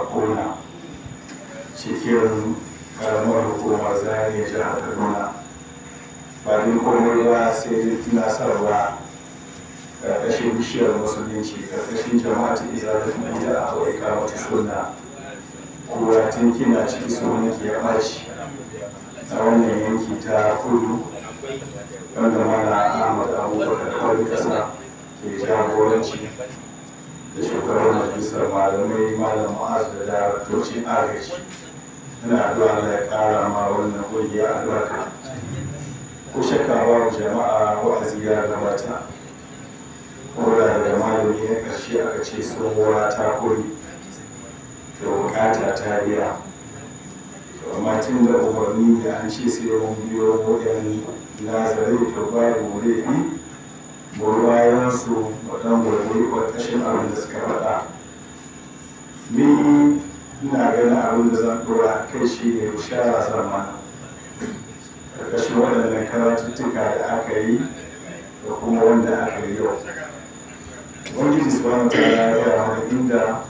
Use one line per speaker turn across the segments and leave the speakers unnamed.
a cikin karamar hukumar zariya jihar kaduna ba dai komai ba sai tuna sarwa ƙarƙashin bishiyar musulunci ƙarƙashin da kuma bid'a a kawo ta suna kura tun kina ciki wani ke ɓaci a wannan yanki ta kudu wanda mana ahmad abubakar kawai ƙasa ke jagoranci da shugaban majalisar malamai malam ma'az da daraktocin agaji ina addu'a ya kara ma wannan ƙungiya albarka Ku shakka babu jama'a wa'azi ya gabata mata. da da malami na ƙarshe aka ce tsohuwa ta kuri Da bukata ta biya amma tun da umarni da an ce sai mun biyo waɗannan nazarai to babu laifi ruwayensu waɗanda gwargwari ƙarƙashin abin da suka faɗa ni ina ganin abin da zan ɗora kai shi ne bishara sama ƙarƙashin waɗannan karatuttuka da aka yi da kuma wanda aka yi yau ubangiji subhanahu ta'ala ya yi mana inda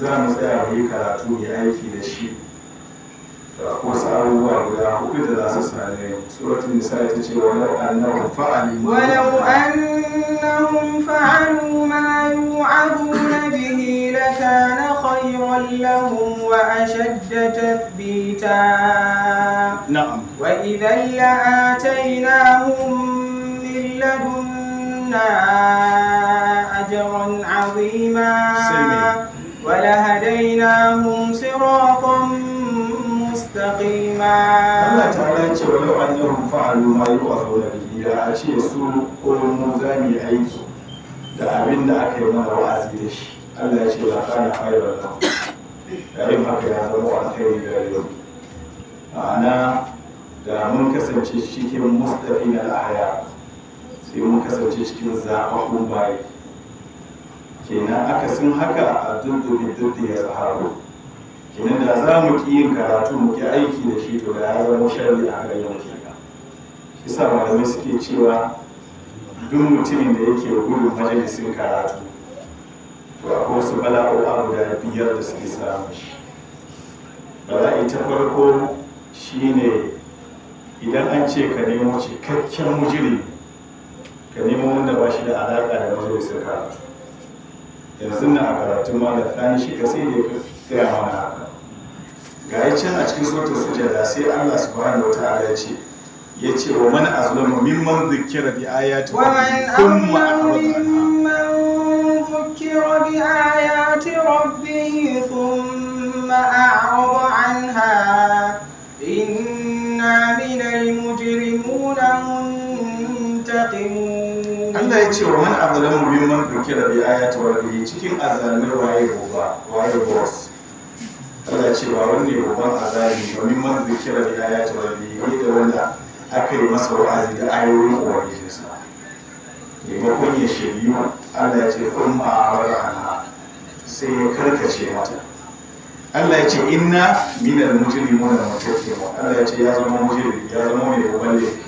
za mu tsaya mu yi karatu mai aiki da shi
ولو أنهم فعلوا ما يوعظون به لكان خيرا لهم وأشد تثبيتا نعم وإذا لآتيناهم من لدنا أجرا عظيما ولهديناهم صراطا مستقيما
الله تعالى ce wa yau ma yu'azuna bihi da a ce su kullum za mu yi aiki da abinda aka yi mana wa'azi da shi Allah ya ce la kana khairan lahum da yin haka ya zama alkhairi ga yau ma'ana da mun kasance cikin mustaqina al sai mun kasance cikin zaɓaɓɓun bayi haka a duddubi duddi kenan za mu ki yin karatu mu ki aiki da shi to da ya zama sharri a yau mu ka shi sa malamai suke cewa duk mutumin da yake gudun majalisin karatu to akwai wasu bala'o'a guda biyar da suke samu shi bala'i ta farko shine idan an ce ka nemo cikakken mujiri ka nemo wanda ba shi da alaƙa da majalisin karatu yanzu na a karatun malam ɗan shi ka sai da ya gaya mana ga yi can a cikin sautin sujada sai Allah subhanahu wa ta'ala ya ce ya ce wa mana man azlamu mimman zikira bi ayati rabbih sun a'rada
anha ذكر بآيات ربه ثم أعرض عنها إنا من المجرمون منتقمون Allah ya ce wa
man azlamu mimman dhukira bi ayati rabbih cikin azalmai waye goba waye boss tana ce ba wanne babban azabi domin man kira da ya ta rabbi da wanda aka yi masa wa'azi da ayoyin ubangijinsa maimakon ya shiryu Allah ya ce kun ma'amara ana sai ya karkace mata Allah ya ce inna minal mujrimuna mutaqimun Allah ya ce ya zama mujrimi ya zama mai babban laifi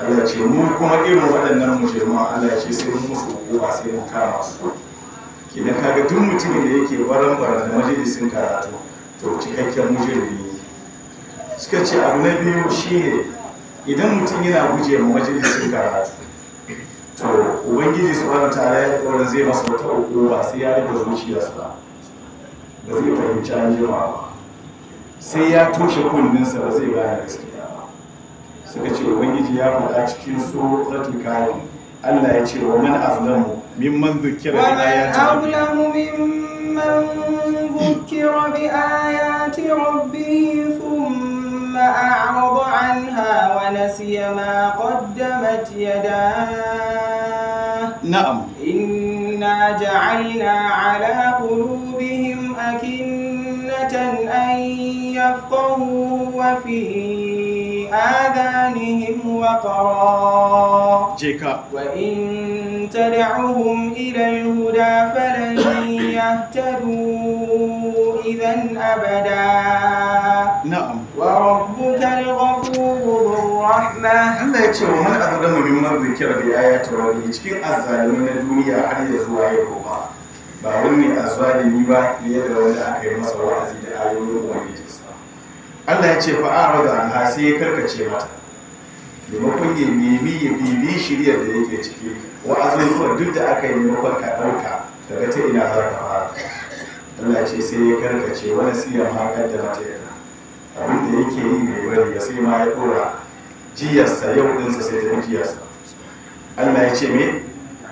Allah ya ce mu kuma irin waɗannan mujriman Allah ya ce sai mun musu hukuma sai mun kama su kenan kaga duk mutumin da yake baran-baran da majalisin karatu to cikakken mujirmi suka ce abu na biyu shine idan mutum yana guje ma majalisin karatu to ubangiji su wani tare ya tsoron zai masa wata uku ba sai ya zuciya su ba zai fahimci an jima ba sai ya toshe kundinsa ba zai gane gaskiya ba suka ce ubangiji ya faɗa cikin su zatul kayan allah ya ce wa man azlamu ممن ذكر بآيات ومن
أظلم ممن ذكر بآيات ربه ثم أعرض عنها ونسي ما قدمت يداه نعم إنا جعلنا على قلوبهم أكنة أن يفقهوا وفي آذانهم وقرا وإن تدعهم إلى الهدى فلن يهتدوا إذا أبدا نعم وربك الغفور ذو الرحمة
الله يكشف من أظلم ممن ذكر بآيات ربه cikin azzalimi na duniya har ya zuwa yau ba ba wani azzalimi ba ne da wanda aka yi masa wa'azi da ayoyin ubangijinsa Allah ya ce fa a'rada anha sai ya karkace mata maimakon ya nemi ya bibi shiryar da yake ciki wa azuzuwa duk da aka yi maimakon ka ɗauka daga ta ina za ka fara Allah ce sai ya karkace wani siyan hakan da mata yana abin da yake yi mai wani da sai ma ya ɗora jiyarsa yau ɗinsa sai ta jiyarsa Allah ya ce me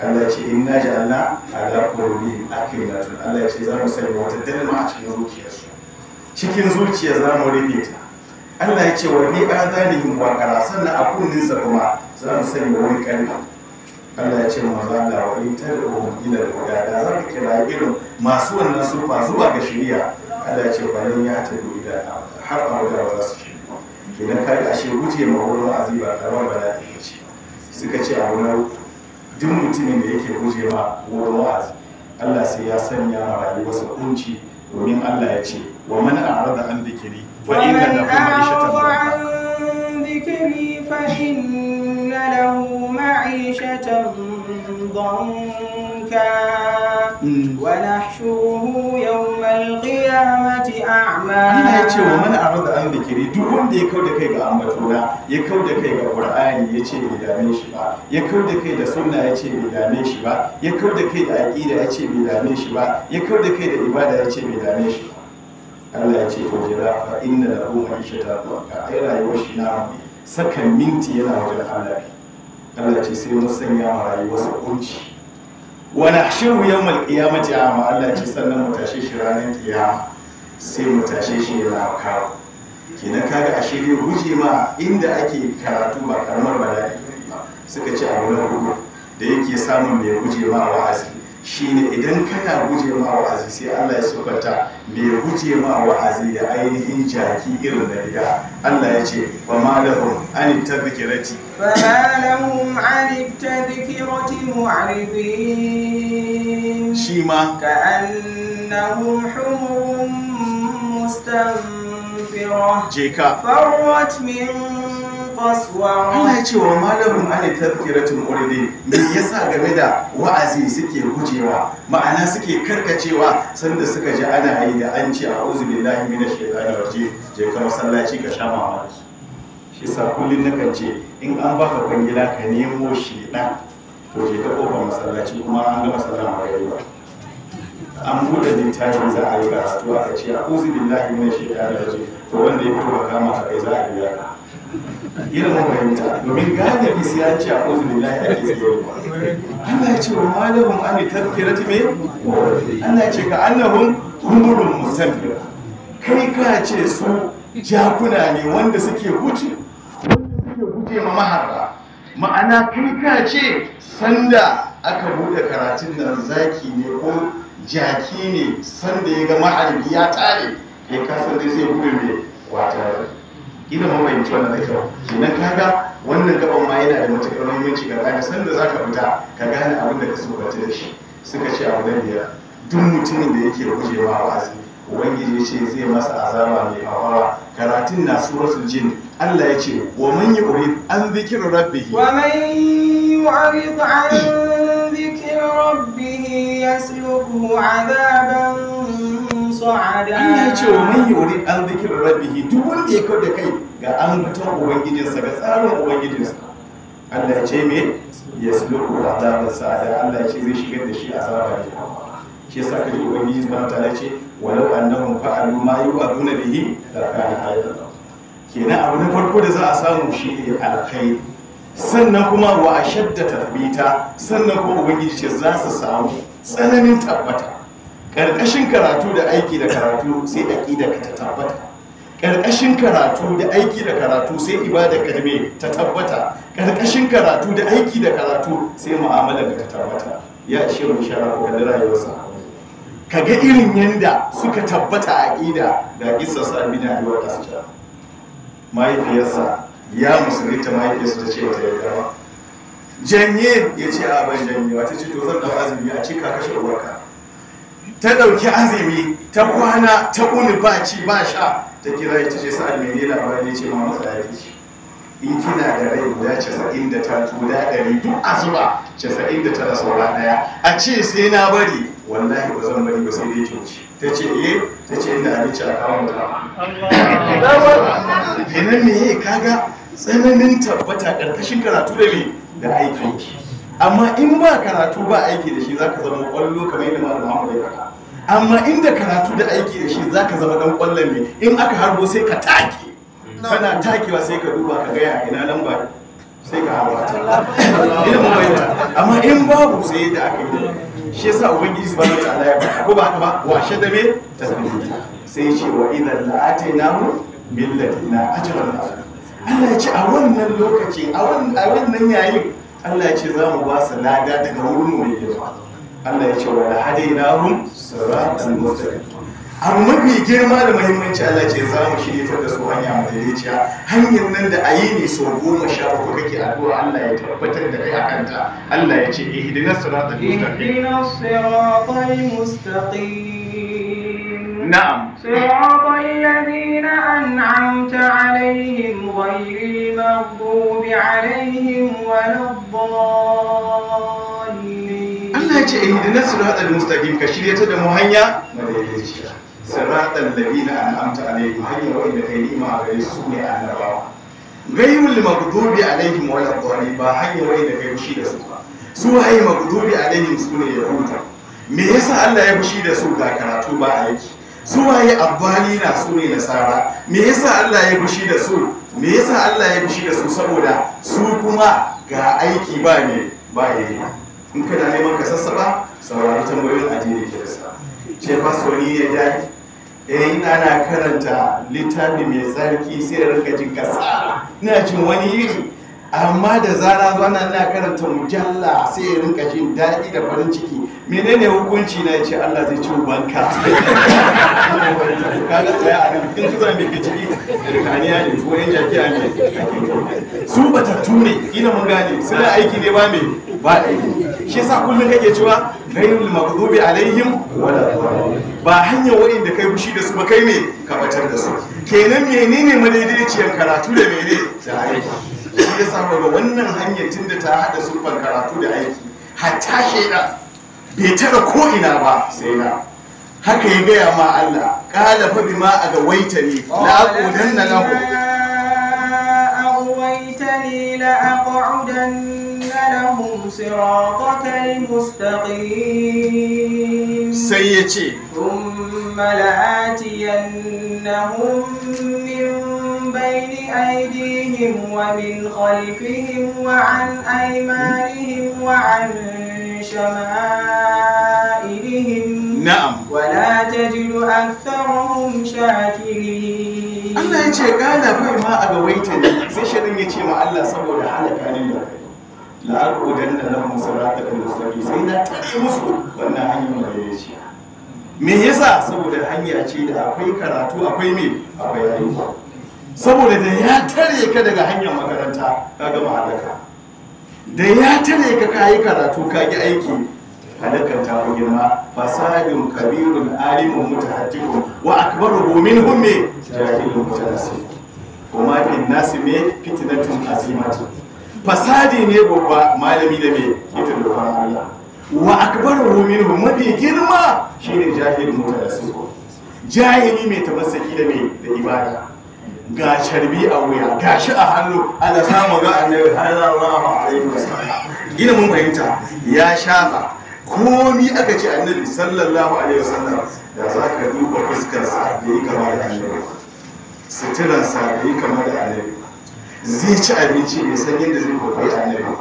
Allah ya ce in na ji Allah A ala na akilatun Allah ya ce za mu sanya wata dalma a cikin zuciyarsu cikin zuciya za mu rufe ta Allah ya ce wa ni adanihim wa wakara sannan a kunnin sa kuma za mu sani wani kalma Allah ya ce ma za da wa in ta da al-huda da za ka kira irin masu wannan sufa zuwa ga shari'a Allah ya ce ba fa lan ya'tadu da har abada ba za su shi kenan yi ashe guje ma wurin aziba karamar bala'i ce suka ce a wurin duk mutumin da yake guje ma wurin wa'azi Allah sai ya sanya ma rayuwarsa kunci domin Allah ya ce wa man a'rada an dikiri فإن له معيشة ضنكا
ذكري فإن له معيشة يوم القيامة أعمى
Allah ya ce wa mana arada an zikiri duk wanda ya kauda kai ga ambatona ya kauda kai ga Qur'ani ya ce bai dame shi ba ya kauda kai da sunna ya ce bai dame shi ba ya kauda kai da aqida ya ce shi ba ya kai da ibada ya ce bai shi ba Allah ya ce wa jira fa inna lahu ma'ishata dhanka ai rayuwar shi na sakan minti yana wajen Allah Allah ya ce sai mun sanya ma sa kunci wa nahshuru yawmal qiyamati ma? Allah ya ce sannan mu tashe shi ranar kiyama sai mu tashe shi yana kawo kenan kaga ashe dai guje ma inda ake karatu ba karamar bala'i suka ce a wurin da yake samun mai guje ma wa'azi shine idan kana guje ma wa'azi sai Allah ya sokata mai guje ma wa'azi da ainihin jaki irin da ya Allah ya ce ba ma lahum an tadhkirati fa
ma lahum an tadhkirati mu'ridin shi ma Ka ka'annahum humurun mustanfira Jeka. ka farwat min Allah ya
ce malamin an tafkiratul muridi me yasa game da wa'azi suke gujewa ma'ana suke karkacewa sanda suka ji ana yi da an ce a'udhu billahi minash shaitani rajim je ka masallaci ka sha mamaki shi sa kullun nakan ce in an baka kwangila ka nemo shi dan to je ka kofar masallaci kuma an gama sallah magariba an buɗe littafin za a yi karatu aka ce a'udhu billahi minash shaitani rajim to wanda ya fito ka kama ka kai za a biya ka yana mafahimta domin galibi sai ya ce a ƙozu da lahi ake tsayarwa Allah ya ce wa malahun an yi tafkira ta mai Allah ya ce ka annahun humurin musafira kai ka ce su jakuna ne wanda suke guje wanda suke guje ma maharba ma'ana kai ka ce sanda aka buɗe karatun nan zaki ne ko jaki ne sanda ya ga maharbi ya tare kai ka san sai zai buɗe mai wata kila ma bai mutu wannan da kyau kenan kaga wannan gaban ma yana da matukar muhimmanci ga kaga san da zaka fita ka gane abin da ka so ka tare shi suka ce abu na biyar duk mutumin da yake gujewa a wa'azi ubangiji ce zai masa azaba mai hawa karatun na suratul jin Allah ya ce wa man yurid an zikir rabbih wa
man yurid an zikir rabbih yasluhu adaban su'ada Allah ya ce wa man
yurid an zikir rabbih duk wanda ya kauda kai ga an fitan ubangijinsa ga tsarin ubangijinsa Allah ce me ya suluku azaban sa'ada Allah ce zai shigar da shi a azaba ke shi yasa kaji ubangiji ba ta ce walau annahum fa'alu ma yu'aduna bihi la kana Ke kenan abu na farko da za a samu shi ne alkhairi sannan kuma wa shadda tabbita sannan kuma ubangiji ce za su samu tsananin tabbata karkashin karatu da aiki da karatu sai da ka ta tabbata ƙarƙashin karatu da aiki da karatu sai ibada kalme ta tabbata ƙarƙashin karatu da aiki da karatu sai mu'amala da ta tabbata ya ce mun shara ko kalli rayuwarsa ga irin yanda suka tabbata a ƙida da kissa sa bina da wata kasja mahaifiyarsa ya musulunta mahaifiyarsa ta ce ta yarda janye ya ce a ban janye wata ce to zan dau azumi a ce ka kashe uwarka ta ɗauki azumi ta kwana ta ƙuni ba ci ba sha ta kira ta ce sa'ad mai ne labari ce ma masa ya in kina da rai guda casa'in da ta guda ɗari duk asuba casa'in da tara saura ɗaya a ce sai na bari wallahi ba zan bari ba sai dai kyauci ta ce eh ta ce inda abinci a kawon ta kenan me kaga tsananin tabbata ƙarƙashin karatu da me da aiki amma in ba karatu ba aiki da shi zaka zama ƙwallo kamar yadda malam Muhammad ya faɗa amma inda karatu da aiki da shi zaka zama dan kwallon ne in aka harbo sai ka take kana takewa sai ka duba ka gaya ina lamba sai ka hawa ta bai ta amma in babu sai da aka yi shi yasa ubangiji subhanahu ta'ala ya ba ko ba haka ba washe da me tasbihi sai ce wa idan la'atainahu billatina ajran Allah ya ce a wannan lokaci a wannan yayin Allah ya ce za mu ba su lada daga wurin mu ne Allah ya ce wa na hadainahum siratal mustaqim amma mafi girma da muhimmanci Allah ce za mu shirya da su hanya madaidaiciya hanyar nan da ayi ne so goma sha uku kake addu'a Allah ya tabbatar da kai kanta. Allah ya ce ihdinas siratal mustaqim
ihdinas siratal mustaqim na'am siratal ladina an'amta alaihim ghayril maghdubi alaihim waladdallin ita ce
ihdinas siratal mustaqim ka shirye ta da mu hanya madaidaiciya siratal ladina an'amta alaihim hanya wanda kai ni'ima a gare su ne annabawa ghayrul maghdubi alaihim wala dhalin ba hanya wanda kai shi da su ba su waye maghdubi alaihim su ne yahuda me yasa Allah ya fushi da su ga karatu ba aiki su waye abbalina su ne nasara me yasa Allah ya fushi da su me yasa Allah ya fushi da su saboda su kuma ga aiki ba ne ba yayi in kana neman ka sassaba saurari tambayoyin addini ke rasa ce faso ni ya dai eh ina na karanta littafi mai tsarki sai da rinka jin kasa ina jin wani yiri amma da zara zuwa na karanta mujalla sai ya rinka jin daɗi da farin ciki menene hukunci na ce Allah zai ci banka kaga tsaya a nan kin kusa mai kici kaniya ne ko yan jakiya ne su batattu ne ina mun gane suna aiki ne ba mai, ba aiki shi yasa kullum kake cewa ghayrul maghdubi alaihim wala ba hanyar da kai bushi da su ba kai ne ka batar da su kenan menene madaidaiciyar karatu da mene da aiki shi yasa ga wannan hanyar tunda ta hada sulfan karatu da aiki hatta shaida bai tara ko'ina ba sai na haka ya gaya ma Allah qala fa bima agawaitani la aqudanna lahu
أغويتني لأقعدن لهم صراطك المستقيم
سيتي ثم
لآتينهم من بين أيديهم ومن خلفهم وعن أيمانهم وعن شمائلهم نعم ولا تجد أكثرهم شاكرين Allah ya ce gana bai ma a gawaita ne
sai shirin ya ce ma Allah saboda halaka ne la'akudan da nan musarata da musulmi sai na taɓe musu wannan hanyar madaidaiciya me yasa saboda hanya ce da akwai karatu akwai me akwai aiki saboda da ya tare ka daga hanyar makaranta ka gama halaka da ya tare ka kayi karatu ka yi aiki halakar ta fi girma fasadin kabirun alimun mutahattikun wa akbaru minhum me jahilun mutanasib wa ma fi nasi me fitnatun azimatun fasadi ne babba malami da mai da kwanan Allah wa akbaru minhu mafi girma shine jahilin su jahili mai tabassaki da mai da ibada ga sharbi a wuya ga shi a hannu ana samu ga annabi a alaihi wasallam gina mun fahimta ya shafa komi aka ce annabi sallallahu alaihi wasallam da za ka duba fuskar sa da yi kama da annabi suturan sa da yi kama da annabi zai ci abinci mai sanyi da zai kwakwai annabi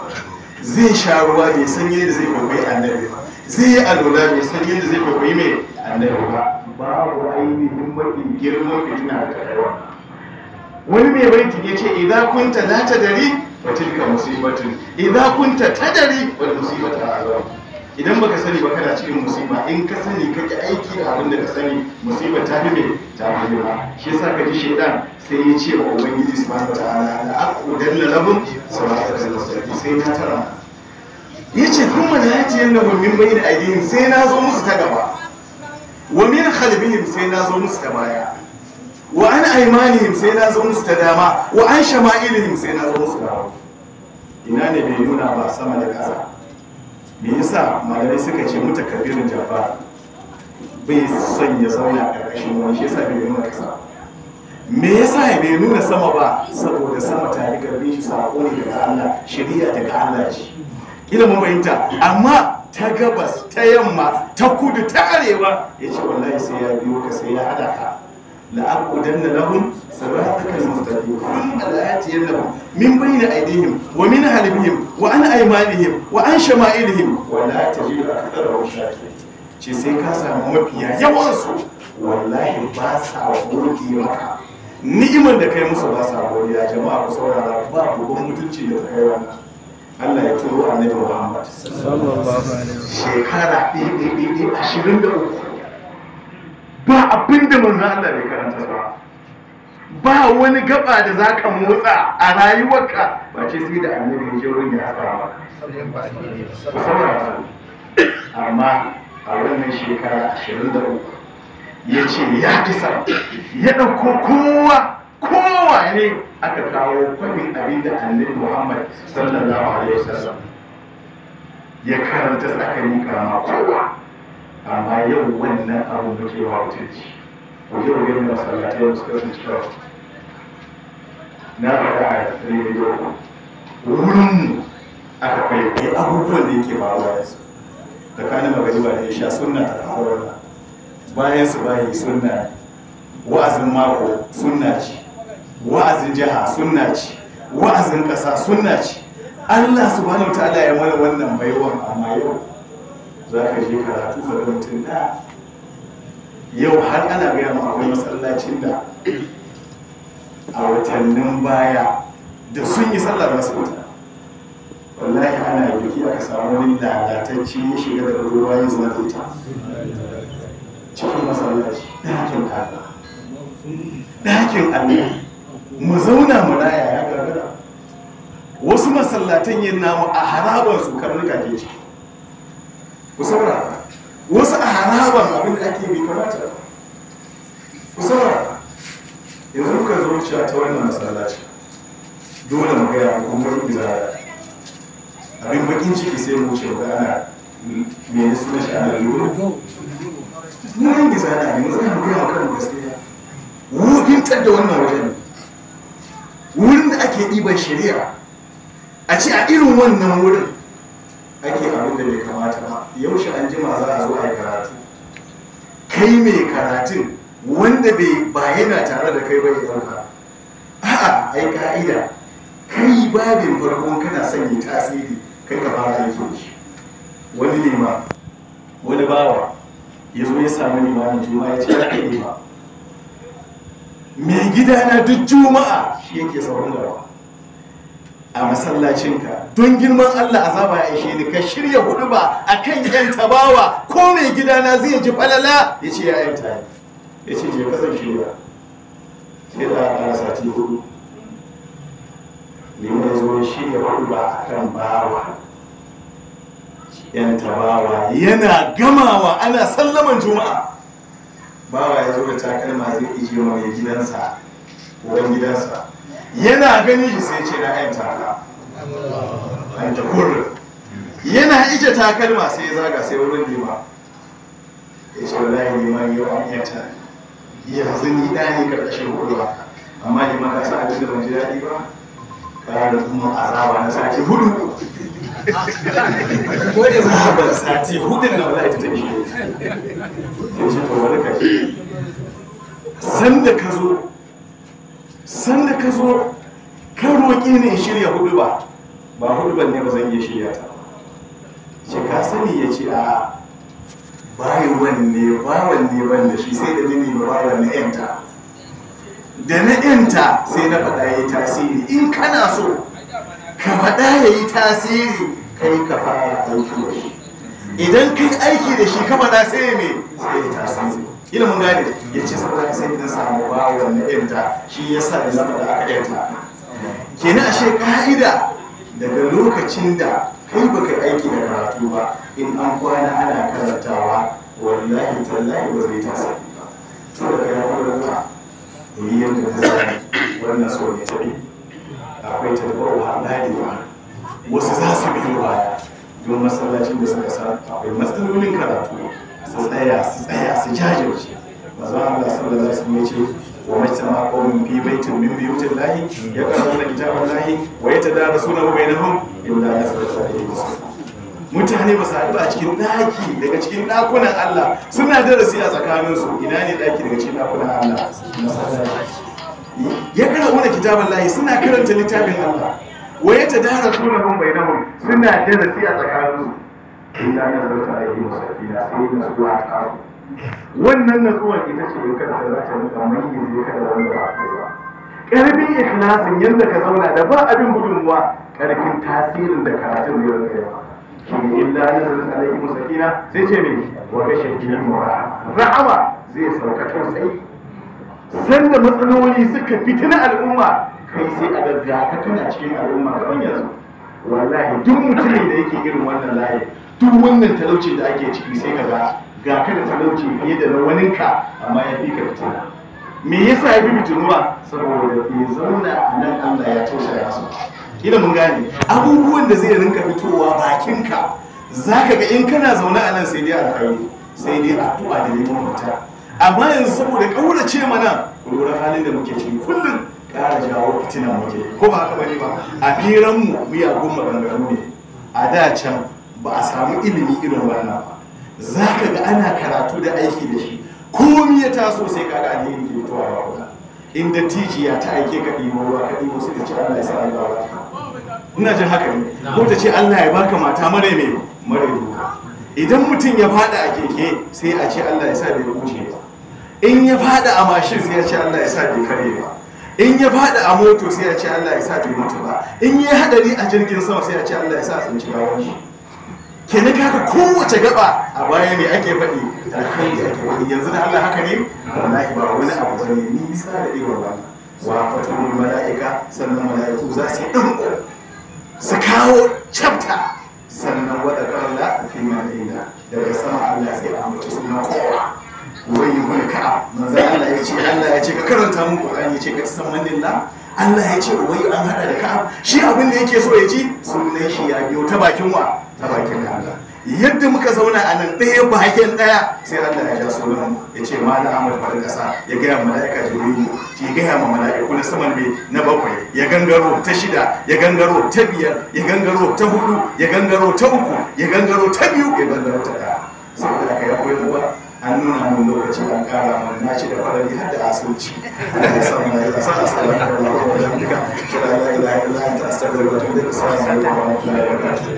zai sha ruwa mai sanyi da zai kwakwai annabi zai yi alola mai sanyi da zai kwakwai mai annabi ba babu ainihin mafi girman fitina da rayuwa wani mai banki ya ce idan kunta na ta dari ba tilka musibatun idan kunta ta dari wa a azab idan baka sani ba kana cikin musiba in ka sani ka ki aiki da abin da ka sani musiba ta fi me ta fi ba shi yasa ka ji shaidan sai ya ce wa ubangiji subhanahu da la aqudanna lahum sirata al da sai na tara yace kuma la yatiyannahum min bayin aydihim sai na zo musu ta gaba wa min khalbihim sai na zo musu ta baya wa an aymanihim sai na zo musu ta dama wa an shama'ilihim sai na zo musu ta ina ne bai nuna ba sama da kasa me yasa malamai suka ce muta kabirin jabbar bai son ya zauna a ƙarƙashin wani shi yasa bai nuna ƙasa me yasa bai nuna sama ba saboda sama ta yi karbi shi sako ne daga Allah shari'a daga Allah ce ina mun fahimta amma ta gabas ta yamma ta kudu ta arewa ya ce wallahi sai ya biyo ka sai ya hada ka لأقعدن لهم صراطك المستقيم ثم لآتينهم من بين أيديهم ومن خلفهم وعن أيمانهم وعن شمائلهم ولا تجد أكثرهم شاكرين ce sai ka samu mafiya yawansu wallahi ba sa burge maka ni'imar da kai musu ba sa godiya jama'a ku saurara ba babban mutunci da kai wannan Allah ya turo annabi Muhammad sallallahu
alaihi wasallam
shekara 2023 abin da manzo Allah bai karanta ba ba wani gaba da za ka motsa a rayuwarka ba ce sai da annabi ya je wurin ya tsara amma a wannan shekara ashirin da uku ya ce ya kisa ya ɗauko kowa kowa ne aka kawo kwamin abin da annabi muhammad sallallahu alaihi wasallam ya karanta tsakanin kama kowa amma yau wannan abu muke wa mutunci ku waje ku gani masallatai da suka sun kyau na faɗa a rediyo wurin aka kwaikwayi abubuwan da yake faruwa yanzu da magani ba da sha sunna ta faruwa bayan su bayi sunna wa'azin mako sunna ci, wa'azin jiha sunna ci, wa'azin ƙasa sunna ci. Allah subhanahu wa ta'ala ya mana wannan baiwan amma yau za ka je karatu ka ga mutum ɗaya yau har ana gaya mu akwai masallacin da a watannin baya da sun yi sallar masu wuta wallahi ana biki aka samu wani lalatacci ya shiga daga ruwa ya zama da ita cikin masallaci ɗakin Allah ɗakin Allah mu zauna mu raya ya gargara wasu masallatan yin namu a harabar su karnuka ke ciki ku saurara wasu a harabar abin da ake bai kamata ku saurara yanzu muka zo wuce ta wannan masallaci dole mu gaya ko mun kira abin bakin ciki sai mu wuce ga ana me suna shi ana lura mun yi zana ne mun zama gaya kan gaskiya wurin da wannan wajen wurin da ake ɗiban shari'a a ce a irin wannan wurin ake abin da bai kamata ba yaushe an jima za a zo a yi karatu kai mai karatun wanda bai ba yana tare da kai ba ya ɗauka a'a ai ka'ida kai babin farkon kana sanya tasiri kai ka fara aiki shi wani nema wani bawa ya zo ya samu limamin juma ya ce ya nema mai gidana duk juma'a shi yake sauran gaba a masallacinka don girman Allah azaba ya ishe ni ka shirya hudu ba a kan yan tabawa ko mai gidana zai ji falala ya ce ya yanta ya ce je kasan shirya sai da aka sati hudu ne mai zo shirya hudu ba a kan bawa yan tabawa yana gamawa ana sallaman juma'a bawa ya zo da takalma zai ije mai gidansa uban gidansa yana gani shi sai ce na ayin a ayin ta yana ije takalma sai ya zaga sai wurin nema ya ce yi neman yau an yata yanzu ni ne karkashin hudu ba. amma liman maka sa abin da ban ji daɗi ba kara kuma azaba na sati hudu
ko da zaɓar sati hudun na wala ita ta ya
shi to wani kashi san da ka zo sanda ka zo ka ne shirya hudu ba ba hudu ba ne ba zan iya shirya ta ce ka sani ya ce a bayi wanne bawan ne ban da shi sai da nini ba bawan yanta da na yanta sai na faɗa ya yi tasiri in kana so ka faɗa ya yi tasiri kai ka fara aiki da shi idan kai aiki da shi ka faɗa sai me sai ya tasiri ilimin mun gane ya ce saboda ya sai samu ba wannan yanta shi ya sa da zama da aka yanta kenan ashe ka'ida daga lokacin da kai baka aiki da karatu ba in an kwana ana karantawa wallahi tallahi ba zai tasa ba saboda ya ka yi ta sani wannan so ne akwai ba wasu za su biyo baya don masallacin da suka sa akwai matsalolin karatu su tsaya su tsaya su jaje. jajirce manzo Allah sallallahu alaihi wasallam yace wa majtama qawmin fi baitin min buyutil lahi yaqra'una kitabal lahi wa yatadarasuna bainahum illa nasalat alaihim mutane ba su haɗu a cikin ɗaki daga cikin ɗakunan Allah suna darasi a tsakaninsu ina ne ɗaki daga cikin ɗakunan Allah ya kara mana kitabun lahi suna karanta littafin Allah wa ya tadara sunan bainahum suna darasi a tsakaninsu wannan natsuwa ita ce in kada za ta nufa mai yi kada wanda ba ta ba ƙarfin ikhlasin yadda ka zauna da ba abin gudunmuwa ƙarfin tasirin da karatun zai wanda ba. shi ne illa na zanen alaiki musakina sai ce mai wata shakini rahama zai sauka tausayi sanda matsaloli suka fitina al'umma kai sai a gaggawa ka tuna cikin al'umma kan yanzu wallahi duk mutumin da yake irin wannan layin duk wannan talauci da ake ciki sai ka ga ga ka da talauci fiye da wani ka amma ya fi ka fitina me yasa ya fi ba? saboda ya zauna a nan Allah ya ya su kila mun gane abubuwan da zai rinka fitowa bakin ka zaka ga in kana zaune a nan sai dai alkhairi sai dai addu'a da neman mafita amma yanzu saboda kaurace mana lura halin da muke ciki kullum kara jawo fitina muke ko ba haka bane ba a firan mu miyagun maganganu ne a da can ba a samu ilimi irin wannan za ka ga ana karatu da aiki da shi komi ya taso sai ka ga alheri da mutuwa ba kuma in dattijiya ta aike ka ɗimo ruwa ka ɗimo sai da ce Allah ya sa albarka ina jin haka ne ko ta ce Allah ya baka mata mare mai mare duka idan mutum ya fada a keke sai a ce Allah ya sa bai kuce ba in ya fada a mashin sai a ce Allah ya sa bai kare ba in ya fada a moto sai a ce Allah ya sa bai mutu ba in ya hadari a jirgin sama sai a ce Allah ya sa tsinci gawar shi kenan kaga kowace gaba a baya me ake faɗi A alkhairi ake faɗi yanzu da Allah haka ne wallahi ba wani abu ba bane nisa da iwa ba wa fatul malaika sannan malaiku za su dan su
kawo chapter
sannan wada kalla fi madina daga sama Allah sai a mutu sunan kowa wai kuna ka'a manzo Allah ya ce Allah ya ce ka karanta mu Qur'ani ya ce ka san manillah Allah ya ce wai an hada da ka'a shi abin da yake so ya ji sunan shi ya biyo ta bakin wa ta bakin kaza yadda muka zauna a nan ɗaya bakin ɗaya sai Allah ya ja sunan ya ce ma na amal ƙasa ya gaya ma mala'ika jibrilu ya gaya ma mala'iku na saman me na bakwai ya gangaro ta shida ya gangaro ta biyar ya gangaro ta hudu ya gangaro ta uku ya gangaro ta biyu ya gangaro ta ɗaya saboda haka ya koyar ba an nuna mun lokaci an kara mun na ce da farari har da asirci da ya samu na yi sa asalin da ya duka shi da ya yi da ya yi da ya ta da ya wajen duka sa ya yi da ya da